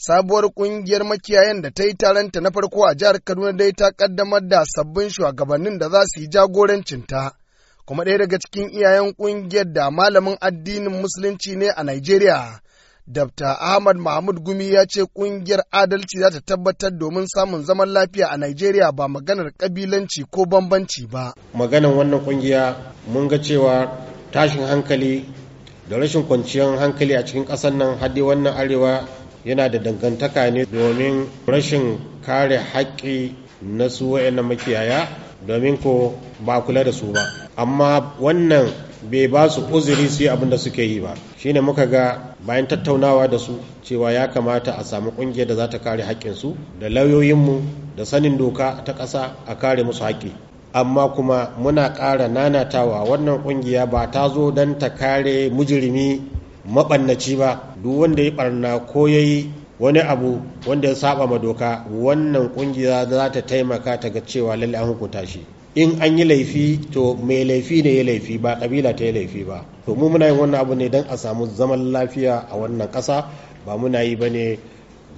sabuwar kungiyar makiyayan da ta yi taronta na farko a jihar Kaduna dai ta kaddamar da sabbin shugabannin da za su yi jagorancinta. Kuma ɗaya daga cikin iyayen kungiyar da malamin addinin musulunci ne a Najeriya. Dabta Ahmad Mahmud Gumi ya ce kungiyar adalci za ta tabbatar domin samun zaman lafiya a Najeriya ba maganar kabilanci ko bambanci ba. Maganar wannan kungiya mun ga cewa tashin hankali da rashin kwanciyar hankali a cikin ƙasar nan haddi wannan arewa yana da dangantaka ne domin rashin kare haƙƙi na su na makiyaya domin ko ba kula da su ba amma wannan bai ba su uzuri su yi abin da suke yi ba shine muka ga bayan tattaunawa da su cewa ya kamata a samu ƙungiyar da za ta kare haƙƙinsu da lauyoyinmu da sanin doka ta ƙasa a kare musu haƙƙi amma kuma muna ƙara nanatawa wannan ƙungiya ba ta zo don ta kare mujirimi maɓannaci ba duk wanda ya ɓarna ko ya yi wani abu wanda ya saba ma doka wannan ƙungiya za ta taimaka ta ga cewa lalle an hukunta shi in an yi laifi to mai laifi ne ya laifi ba kabila ta yi laifi ba to mu muna yin wannan abu ne don a samu zaman lafiya a wannan ƙasa ba muna yi ba ne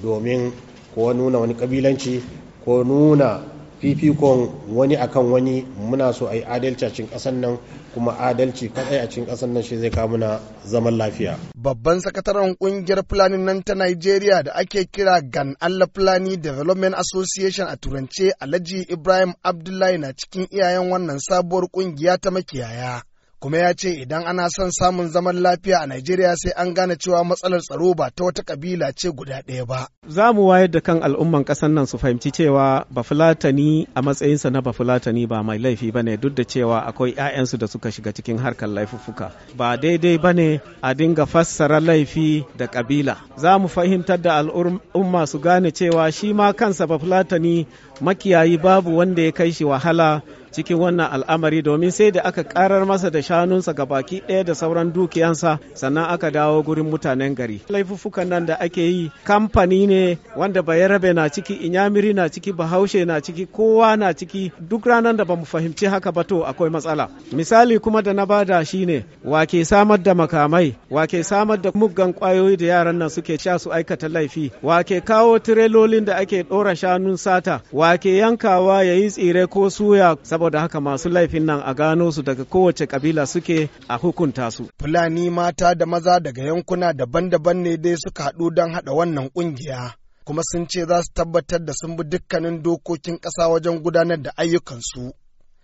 domin ko nuna wani ƙabilanci ko nuna fifikon wani akan wani muna so a yi adalci a cikin ƙasar nan kuma adalci kadai a cikin ƙasar nan shi zai kawo muna zaman lafiya. Babban sakataren ƙungiyar Fulani nan ta Najeriya da ake kira Gan Allah Fulani Development Association a turance Alhaji Ibrahim Abdullahi na cikin iyayen wannan sabuwar ƙungiya ta makiyaya. kuma ya ce idan ana son samun zaman lafiya a Najeriya sai an gane cewa matsalar tsaro ba ta wata kabila ce guda ɗaya ba. Za mu wayar da kan al'umman ƙasar nan su fahimci cewa bafulatani a matsayinsa na bafulatani ba mai laifi ba ne duk da cewa akwai 'ya'yansu da suka shiga cikin harkar laifuffuka. Ba daidai ba ne a dinga fassara laifi da kabila. Za mu fahimtar da al'umma su gane cewa shi ma kansa bafulatani makiyayi babu wanda ya kai shi wahala cikin wannan al'amari domin sai da aka karar masa da shanunsa ga baki ɗaya da sauran dukiyansa sannan aka dawo gurin mutanen gari laifuffukan nan da ake yi kamfani ne wanda bayarabe na ciki inyamiri na ciki bahaushe na ciki kowa na ciki duk ranar da bamu fahimci haka ba to akwai matsala misali kuma da na bada shine wake samar da makamai wake samar da muggan kwayoyi da yaran nan suke sha su aikata laifi wake kawo tirelolin da ake ɗora shanun sata wa Allah ke yankawa ya yi tsire ko suya saboda haka masu laifin nan a gano su daga kowace kabila suke a hukunta su. Fulani mata da maza daga yankuna daban-daban ne dai suka haɗu don haɗa wannan ƙungiya. Kuma sun ce za su tabbatar da sun bi dukkanin dokokin ƙasa wajen gudanar da ayyukansu.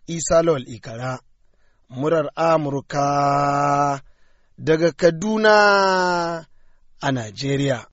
Isa Lawal Ikara, murar Amurka daga Kaduna a Najeriya.